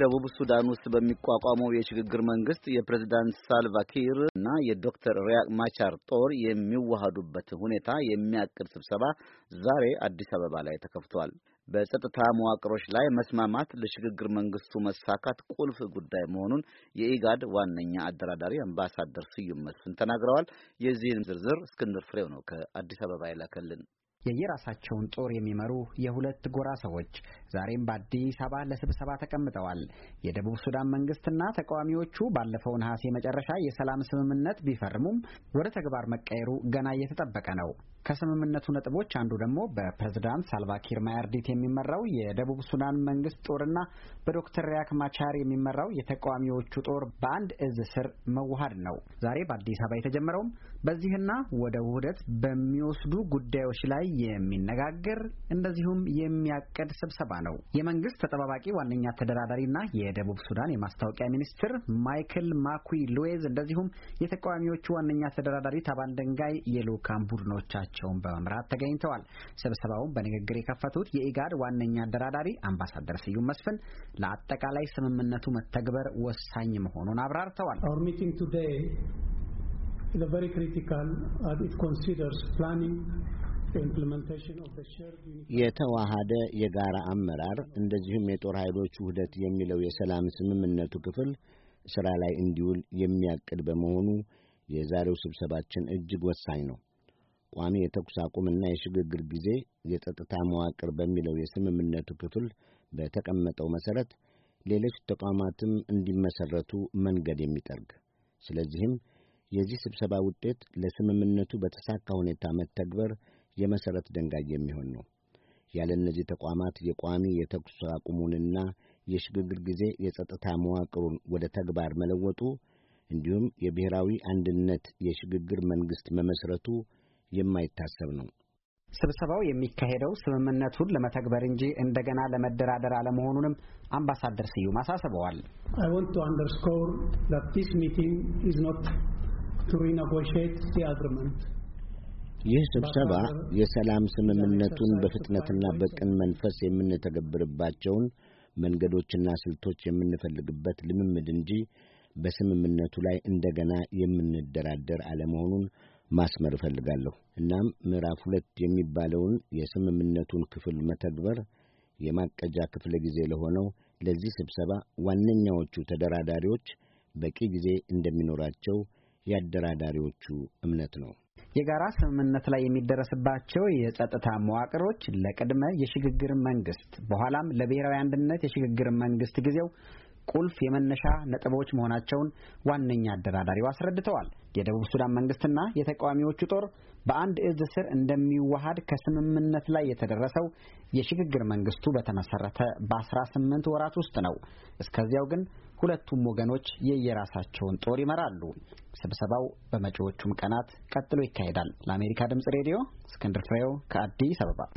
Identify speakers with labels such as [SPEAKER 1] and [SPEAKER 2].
[SPEAKER 1] ደቡብ ሱዳን ውስጥ በሚቋቋመው የሽግግር መንግስት የፕሬዝዳንት ሳልቫኪር እና የዶክተር ሪያቅ ማቻር ጦር የሚዋሃዱበት ሁኔታ የሚያቅድ ስብሰባ ዛሬ አዲስ አበባ ላይ ተከፍቷል። በጸጥታ መዋቅሮች ላይ መስማማት ለሽግግር መንግስቱ መሳካት ቁልፍ ጉዳይ መሆኑን የኢጋድ ዋነኛ አደራዳሪ አምባሳደር ስዩም መስፍን ተናግረዋል። የዚህን ዝርዝር እስክንድር ፍሬው ነው ከአዲስ አበባ ይላከልን።
[SPEAKER 2] የየራሳቸውን ጦር የሚመሩ የሁለት ጎራ ሰዎች ዛሬም በአዲስ አበባ ለስብሰባ ተቀምጠዋል። የደቡብ ሱዳን መንግስትና ተቃዋሚዎቹ ባለፈው ነሐሴ መጨረሻ የሰላም ስምምነት ቢፈርሙም ወደ ተግባር መቀየሩ ገና እየተጠበቀ ነው። ከስምምነቱ ነጥቦች አንዱ ደግሞ በፕሬዝዳንት ሳልቫኪር ማያርዲት የሚመራው የደቡብ ሱዳን መንግስት ጦርና በዶክተር ሪያክ ማቻር የሚመራው የተቃዋሚዎቹ ጦር በአንድ እዝ ስር መዋሃድ ነው። ዛሬ በአዲስ አበባ የተጀመረውም በዚህና ወደ ውህደት በሚወስዱ ጉዳዮች ላይ የሚነጋገር እንደዚሁም የሚያቅድ ስብሰባ ነው። የመንግስት ተጠባባቂ ዋነኛ ተደራዳሪና የደቡብ ሱዳን የማስታወቂያ ሚኒስትር ማይክል ማኩይ ሉዌዝ እንደዚሁም የተቃዋሚዎቹ ዋነኛ ተደራዳሪ ታባን ደንጋይ የልኡካን ቡድኖቻቸውን በመምራት ተገኝተዋል። ስብሰባውን በንግግር የከፈቱት የኢጋድ ዋነኛ አደራዳሪ አምባሳደር ስዩም መስፍን ለአጠቃላይ ስምምነቱ መተግበር ወሳኝ መሆኑን አብራርተዋል። ፕላኒንግ
[SPEAKER 3] የተዋሃደ የጋራ አመራር እንደዚሁም የጦር ኃይሎች ውህደት የሚለው የሰላም ስምምነቱ ክፍል ሥራ ላይ እንዲውል የሚያቅድ በመሆኑ የዛሬው ስብሰባችን እጅግ ወሳኝ ነው። ቋሚ የተኩስ አቁምና የሽግግር ጊዜ የጸጥታ መዋቅር በሚለው የስምምነቱ ክፍል በተቀመጠው መሠረት ሌሎች ተቋማትም እንዲመሠረቱ መንገድ የሚጠርግ ስለዚህም የዚህ ስብሰባ ውጤት ለስምምነቱ በተሳካ ሁኔታ መተግበር የመሠረት ድንጋይ የሚሆን ነው። ያለ እነዚህ ተቋማት የቋሚ የተኩስ አቁሙንና የሽግግር ጊዜ የጸጥታ መዋቅሩን ወደ ተግባር መለወጡ እንዲሁም የብሔራዊ አንድነት የሽግግር መንግሥት መመስረቱ የማይታሰብ ነው።
[SPEAKER 2] ስብሰባው የሚካሄደው ስምምነቱን ለመተግበር እንጂ እንደገና ለመደራደር አለመሆኑንም አምባሳደር ስዩም አሳስበዋል።
[SPEAKER 3] ይህ ስብሰባ የሰላም ስምምነቱን በፍጥነትና በቅን መንፈስ የምንተገብርባቸውን መንገዶችና ስልቶች የምንፈልግበት ልምምድ እንጂ በስምምነቱ ላይ እንደገና የምንደራደር አለመሆኑን ማስመር እፈልጋለሁ። እናም ምዕራፍ ሁለት የሚባለውን የስምምነቱን ክፍል መተግበር የማቀጃ ክፍለ ጊዜ ለሆነው ለዚህ ስብሰባ ዋነኛዎቹ ተደራዳሪዎች በቂ ጊዜ እንደሚኖራቸው የአደራዳሪዎቹ እምነት ነው።
[SPEAKER 2] የጋራ ስምምነት ላይ የሚደረስባቸው የጸጥታ መዋቅሮች ለቅድመ የሽግግር መንግስት በኋላም ለብሔራዊ አንድነት የሽግግር መንግስት ጊዜው ቁልፍ የመነሻ ነጥቦች መሆናቸውን ዋነኛ አደራዳሪው አስረድተዋል። የደቡብ ሱዳን መንግስትና የተቃዋሚዎቹ ጦር በአንድ እዝ ስር እንደሚዋሃድ ከስምምነት ላይ የተደረሰው የሽግግር መንግስቱ በተመሰረተ በ18 ወራት ውስጥ ነው። እስከዚያው ግን ሁለቱም ወገኖች የየራሳቸውን ጦር ይመራሉ። ስብሰባው በመጪዎቹም ቀናት ቀጥሎ ይካሄዳል። ለአሜሪካ ድምጽ ሬዲዮ እስክንድር ፍሬው ከአዲስ አበባ